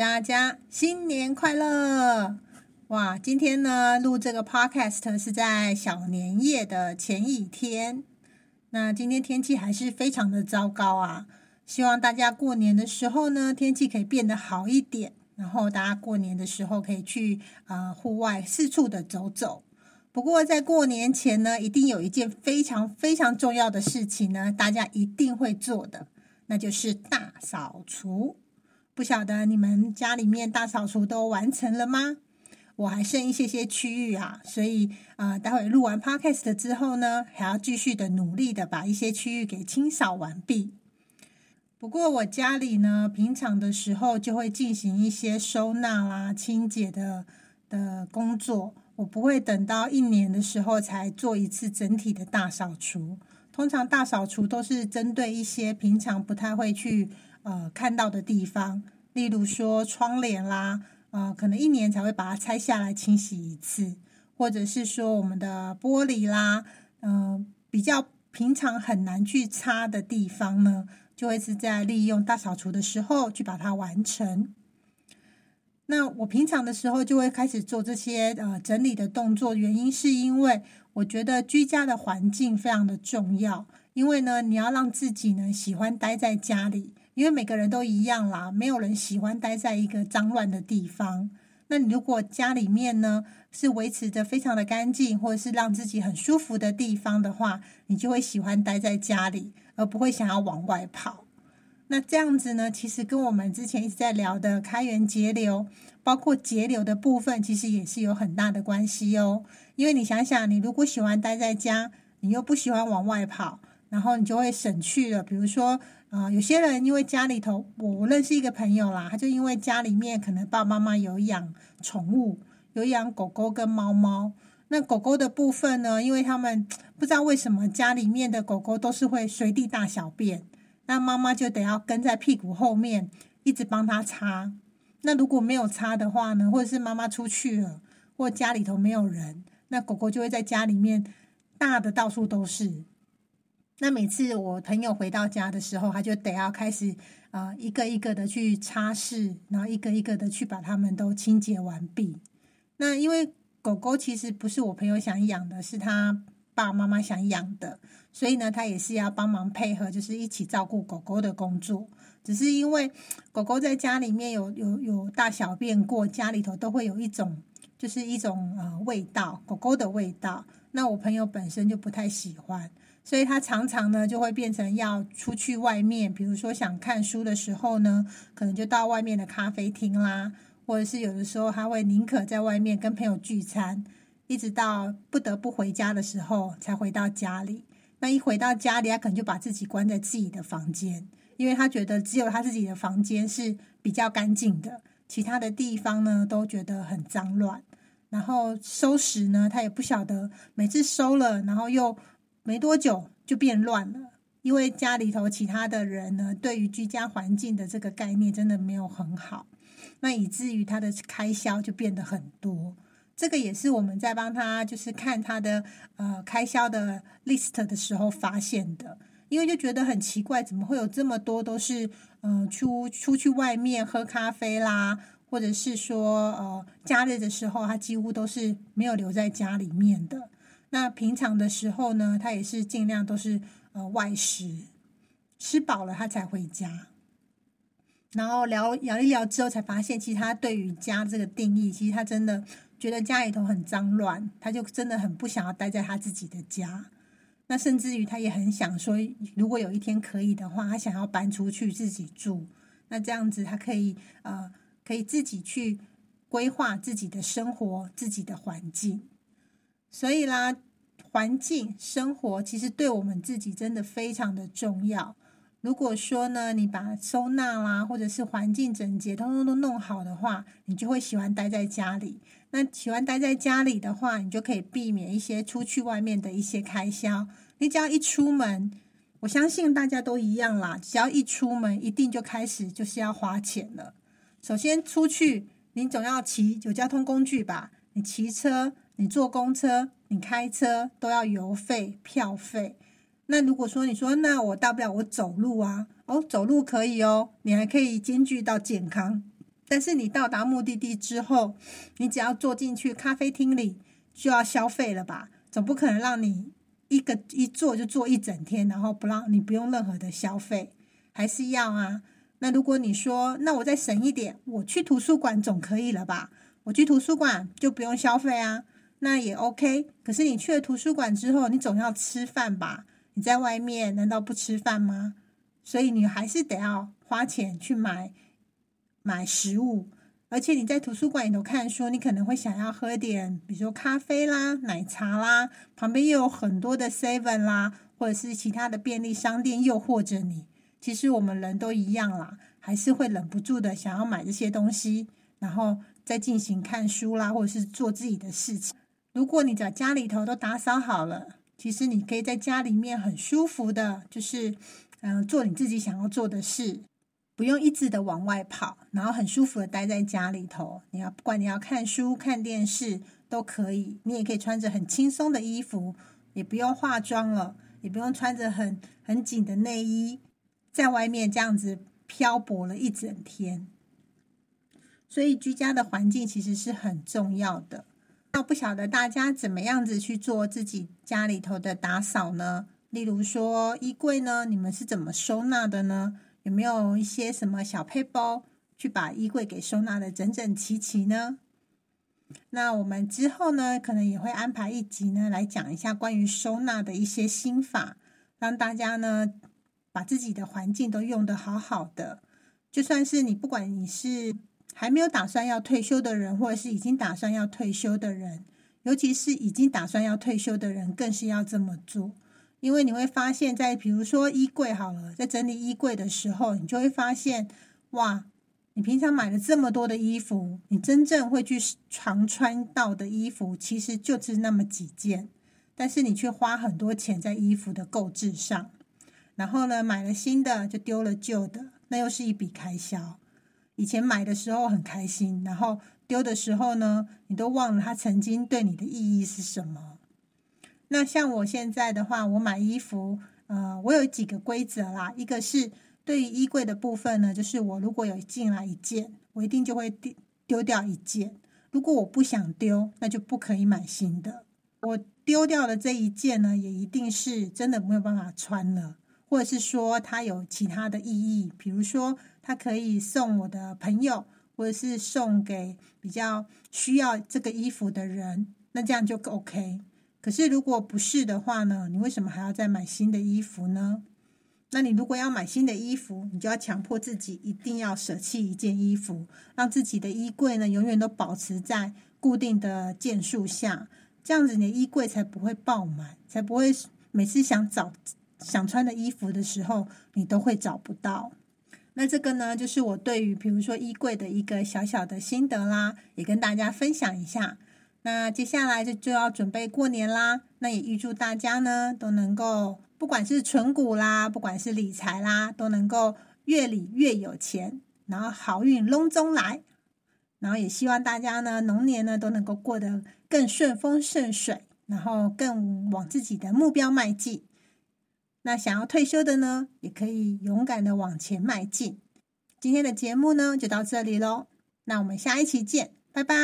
大家新年快樂！哇，今天呢，錄這個 podcast 是在小年夜的前一天。那今天天氣還是非常的糟糕啊！希望大家過年的時候呢，天氣可以變得好一點，然後大家過年的時候可以去啊、呃、戶外四處的走走。不過在過年前呢，一定有一件非常非常重要的事情呢，大家一定會做的，那就是大掃除。不曉得你們家裡面大掃除都完成了嗎？我還剩一些些區域啊，所以啊、呃，待會錄完 podcast 之後呢，還要繼續的努力的把一些區域給清掃完畢。不過我家裡呢，平常的時候就會進行一些收納啦、啊、清潔的的工作，我不會等到一年的時候才做一次整體的大掃除。通常大掃除都是針對一些平常不太會去呃看到的地方，例如說窗簾啦，呃，可能一年才會把它拆下來清洗一次，或者是說我們的玻璃啦，嗯、呃，比較平常很難去擦的地方呢，就會是在利用大掃除的時候去把它完成。那我平常的時候就會開始做這些呃整理的動作，原因是因為。我覺得居家的環境非常的重要，因為呢，你要讓自己呢喜歡待在家裡，因為每個人都一樣啦，沒有人喜歡待在一個髒亂的地方。那你如果家裡面呢是維持着非常的乾淨，或者是讓自己很舒服的地方的話，你就會喜歡待在家裡，而不會想要往外跑。那這樣子呢，其實跟我們之前一直在聊的開源節流，包括節流的部分，其實也是有很大的關係哦。因為你想想，你如果喜歡待在家，你又不喜歡往外跑，然後你就會省去了。比如說，啊、呃，有些人因為家裡頭，我我認識一個朋友啦，他就因為家裡面可能爸爸媽媽有養寵物，有養狗狗跟貓貓。那狗狗的部分呢，因為他們不知道為什麼家裡面的狗狗都是會隨地大小便。那媽媽就得要跟在屁股後面，一直幫他擦。那如果沒有擦的話呢，或者是媽媽出去了，或家裡頭沒有人，那狗狗就會在家裡面大的到處都是。那每次我朋友回到家的時候，他就得要開始啊、呃，一個一個的去擦拭，然後一個一個的去把他們都清潔完畢。那因為狗狗其實不是我朋友想養的，是它，爸爸媽媽想養的，所以呢，他也是要幫忙配合，就是一起照顧狗狗的工作。只是因為狗狗在家裡面有有有大小便過，家裡頭都會有一種就是一種呃味道，狗狗的味道。那我朋友本身就不太喜歡，所以他常常呢就會變成要出去外面，比如說想看書的時候呢，可能就到外面的咖啡廳啦，或者是有的時候他會寧可在外面跟朋友聚餐。一直到不得不回家的時候，才回到家裡。那一回到家裡，他可能就把自己關在自己的房間，因為他覺得只有他自己的房間是比較乾淨的，其他的地方呢都覺得很髒亂。然後收拾呢，他也不曉得，每次收了，然後又沒多久就變亂了。因為家裡頭其他的人呢，對於居家環境的這個概念真的沒有很好，那以至於他的開銷就變得很多。這個也是我們在幫他，就是看他的呃開銷的 list 的時候發現的，因為就覺得很奇怪，怎麼會有這麼多都是呃出出去外面喝咖啡啦，或者是說呃假日的時候，他幾乎都是沒有留在家裡面的。那平常的時候呢，他也是儘量都是呃外食，吃飽了他才回家。然後聊聊一聊之後，才發現其實他對於家這個定義，其實他真的。覺得家裡頭很髒亂，他就真的很不想要待在他自己的家。那甚至於他也很想說，如果有一天可以的話，他想要搬出去自己住。那這樣子，他可以呃，可以自己去規劃自己的生活、自己的環境。所以啦，環境、生活其實對我們自己真的非常的重要。如果說呢，你把收納啦，或者是環境整潔，通通都弄好的話，你就會喜歡待在家裡。那喜歡待在家裡的話，你就可以避免一些出去外面的一些開銷。你只要一出門，我相信大家都一樣啦。只要一出門，一定就開始就是要花錢了。首先出去，你總要騎有交通工具吧？你騎車、你坐公車、你開車，都要油費、票費。那如果說你說，那我大不了我走路啊，哦，走路可以哦，你還可以兼具到健康。但是你到達目的地之後，你只要坐進去咖啡廳裡就要消費了吧？總不可能讓你一個一坐就坐一整天，然後不讓你不用任何的消費，還是要啊？那如果你說，那我再省一點，我去圖書館總可以了吧？我去圖書館就不用消費啊，那也 OK。可是你去了圖書館之後，你總要吃飯吧？你在外面難道不吃飯嗎？所以你還是得要花錢去買買食物，而且你在圖書館裡頭看書，你可能會想要喝點，比如說咖啡啦、奶茶啦，旁邊又有很多的 Seven 啦，或者是其他的便利商店誘惑着你。其實我們人都一樣啦，還是會忍不住的想要買這些東西，然後再進行看書啦，或者是做自己的事情。如果你在家裡頭都打掃好了。其實你可以在家裡面很舒服的，就是嗯、呃，做你自己想要做的事，不用一直的往外跑，然後很舒服的待在家裡頭。你要，不管你要看書、看電視都可以，你也可以穿着很輕鬆的衣服，也不用化妝了，也不用穿着很很緊的內衣，在外面這樣子漂泊了一整天。所以居家的環境其實是很重要的。那不曉得大家怎麼樣子去做自己家裡頭的打掃呢？例如說衣櫃呢，你們是怎麼收納的呢？有沒有一些什麼小配包，去把衣櫃給收納得整整齊齊呢？那我們之後呢，可能也會安排一集呢，來講一下關於收納的一些心法，讓大家呢，把自己的環境都用得好好的。就算是你，不管你是。還沒有打算要退休的人，或者是已經打算要退休的人，尤其是已經打算要退休的人，更是要這麼做。因為你會發現在，在比如說衣櫃好了，在整理衣櫃的時候，你就會發現，哇，你平常買了這麼多的衣服，你真正會去常穿到的衣服，其實就是那麼幾件。但是你卻花很多錢在衣服的購置上，然後呢，買了新的就丟了舊的，那又是一筆開銷。以前買的時候很開心，然後丟的時候呢，你都忘了它曾經對你的意義是什麼。那像我現在的話，我買衣服，呃，我有幾個規則啦。一個是對於衣櫃的部分呢，就是我如果有進來一件，我一定就會丟丟掉一件。如果我不想丟，那就不可以買新的。我丟掉的這一件呢，也一定是真的沒有辦法穿了。或者是說它有其他的意義，比如說它可以送我的朋友，或者是送給比較需要這個衣服的人，那這樣就 OK。可是如果不是的話呢，你為什麼還要再買新的衣服呢？那你如果要買新的衣服，你就要強迫自己一定要捨棄一件衣服，讓自己的衣櫃呢永遠都保持在固定的件數下，這樣子你的衣櫃才不會爆滿，才不會每次想找。想穿的衣服的時候，你都會找不到。那這個呢，就是我對於比如說衣櫃的一個小小的心得啦，也跟大家分享一下。那接下來就就要準備過年啦。那也預祝大家呢都能夠，不管是存股啦，不管是理財啦，都能夠越理越有錢，然後好運隆中來。然後也希望大家呢，龍年呢都能夠過得更順風順水，然後更往自己的目標邁進。那想要退休的呢，也可以勇敢的往前邁進。今天的節目呢，就到這裡嘍。那我們下一期見，拜拜。